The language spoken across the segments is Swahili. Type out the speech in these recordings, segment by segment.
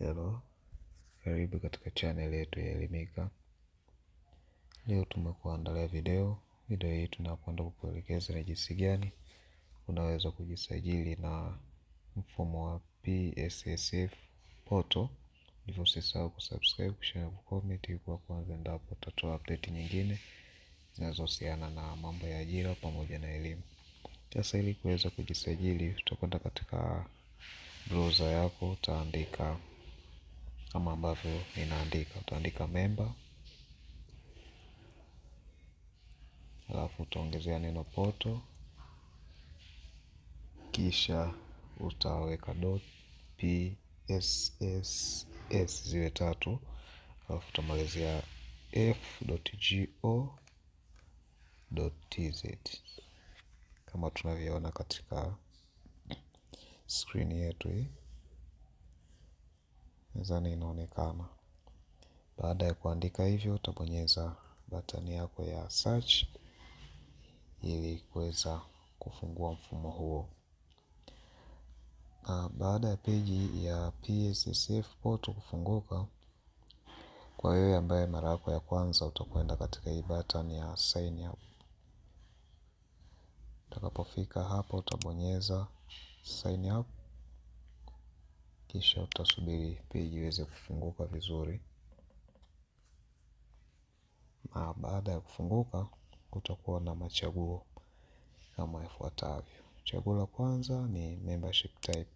Hello, karibu katika channel yetu ya Elimika. Leo tumekuandalia video. Video hii tunakwenda kukuelekeza ni jinsi gani unaweza kujisajili na mfumo wa PSSF Portal. Hivyo usisahau kusubscribe, kushare, kucomment kwa kwanza, endapo tutatoa update nyingine zinazohusiana na mambo ya ajira pamoja na elimu. Sasa ili kuweza kujisajili, tutakwenda katika browser yako, utaandika kama ambavyo inaandika Utaandika member alafu utaongezea neno poto, kisha utaweka dot PSS ziwe tatu, alafu utamalizia f.go.tz kama tunavyoona katika skrini yetu hii mezani inaonekana. Baada ya kuandika hivyo utabonyeza batani yako ya search ili kuweza kufungua mfumo huo. Na baada ya peji ya PSSF portal kufunguka, kwa wewe ambaye mara yako ya kwanza, utakwenda katika hii batani ya sign up. Utakapofika hapa utabonyeza sign up kisha utasubiri peji iweze kufunguka vizuri. Na baada ya kufunguka utakuwa na machaguo kama ifuatavyo. Chaguo la kwanza ni membership type.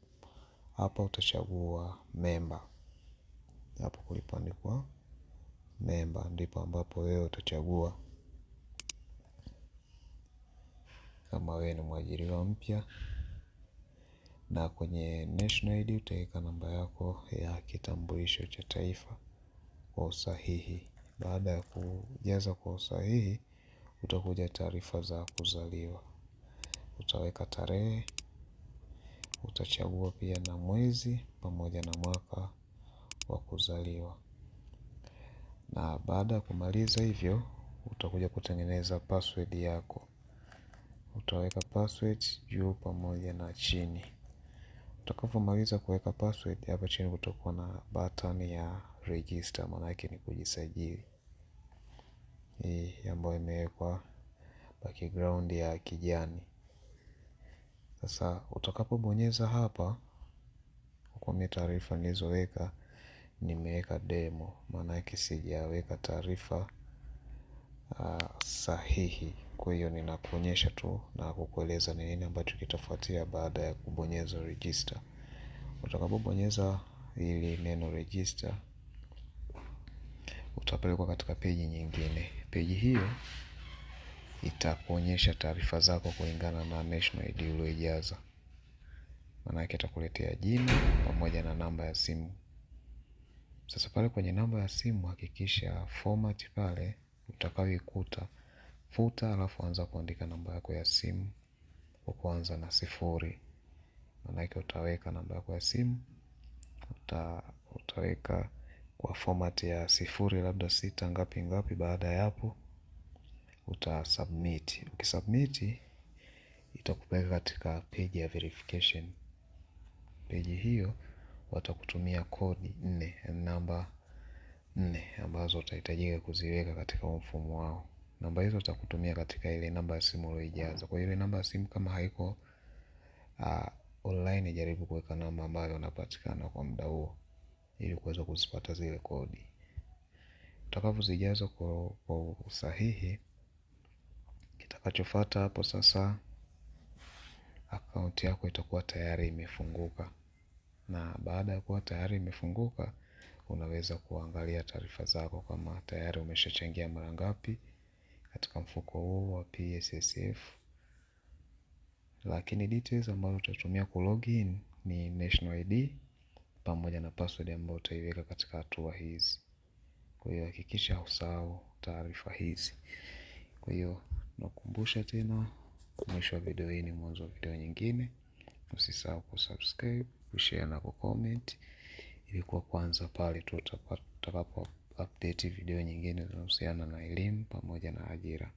Hapa utachagua memba, hapo kulipoandikwa memba ndipo ambapo wewe utachagua kama wewe ni mwajiriwa mpya na kwenye national ID utaweka namba yako ya kitambulisho cha taifa kwa usahihi. Baada ya kujaza kwa usahihi, utakuja taarifa za kuzaliwa, utaweka tarehe, utachagua pia na mwezi pamoja na mwaka wa kuzaliwa. Na baada ya kumaliza hivyo, utakuja kutengeneza password yako, utaweka password juu pamoja na chini. Utakapomaliza kuweka password hapa chini kutakuwa na button ya register, maana yake ni kujisajili, hii ambayo imewekwa background ya kijani. Sasa utakapobonyeza hapa, kwa mimi taarifa nilizoweka nimeweka demo, maana yake sijaweka taarifa Ah, sahihi. Kwa hiyo ninakuonyesha tu na kukueleza ni nini ambacho kitafuatia baada ya kubonyeza register. Utakapobonyeza ili neno register, utapelekwa katika peji nyingine. Peji hiyo itakuonyesha taarifa zako kulingana na national ID ulioijaza. Maanake itakuletea jina pamoja na namba ya simu. Sasa pale kwenye namba ya simu hakikisha format pale utakayoikuta futa alafu anza kuandika namba yako ya simu kwa kuanza na sifuri maanake utaweka namba yako ya simu uta, utaweka kwa format ya sifuri labda sita ngapi ngapi baada ya hapo utasubmit ukisubmiti itakupeleka katika peji ya verification peji hiyo watakutumia kodi nne namba nne ambazo utahitajika kuziweka katika mfumo wao. Namba hizo utakutumia katika ile namba ya simu ulioijaza. Kwa hiyo ile namba ya simu kama haiko uh, online, jaribu kuweka namba ambayo unapatikana kwa muda huo ili kuweza kuzipata zile kodi. Utakavyozijaza kwa, kwa usahihi, kitakachofuata hapo sasa, akaunti yako itakuwa tayari imefunguka, na baada ya kuwa tayari imefunguka unaweza kuangalia taarifa zako kama tayari umeshachangia mara ngapi katika mfuko huo wa PSSF. Lakini details ambazo utatumia ku login ni national ID pamoja na password ambayo utaiweka katika hatua hizi. Kwa hiyo hakikisha usahau taarifa hizi. Kwa hiyo nakumbusha tena, mwisho wa video hii ni mwanzo wa video nyingine. Usisahau kusubscribe, kushare na kucomment ilikuwa kwanza pale utakapo update video nyingine zinahusiana na elimu pamoja na ajira.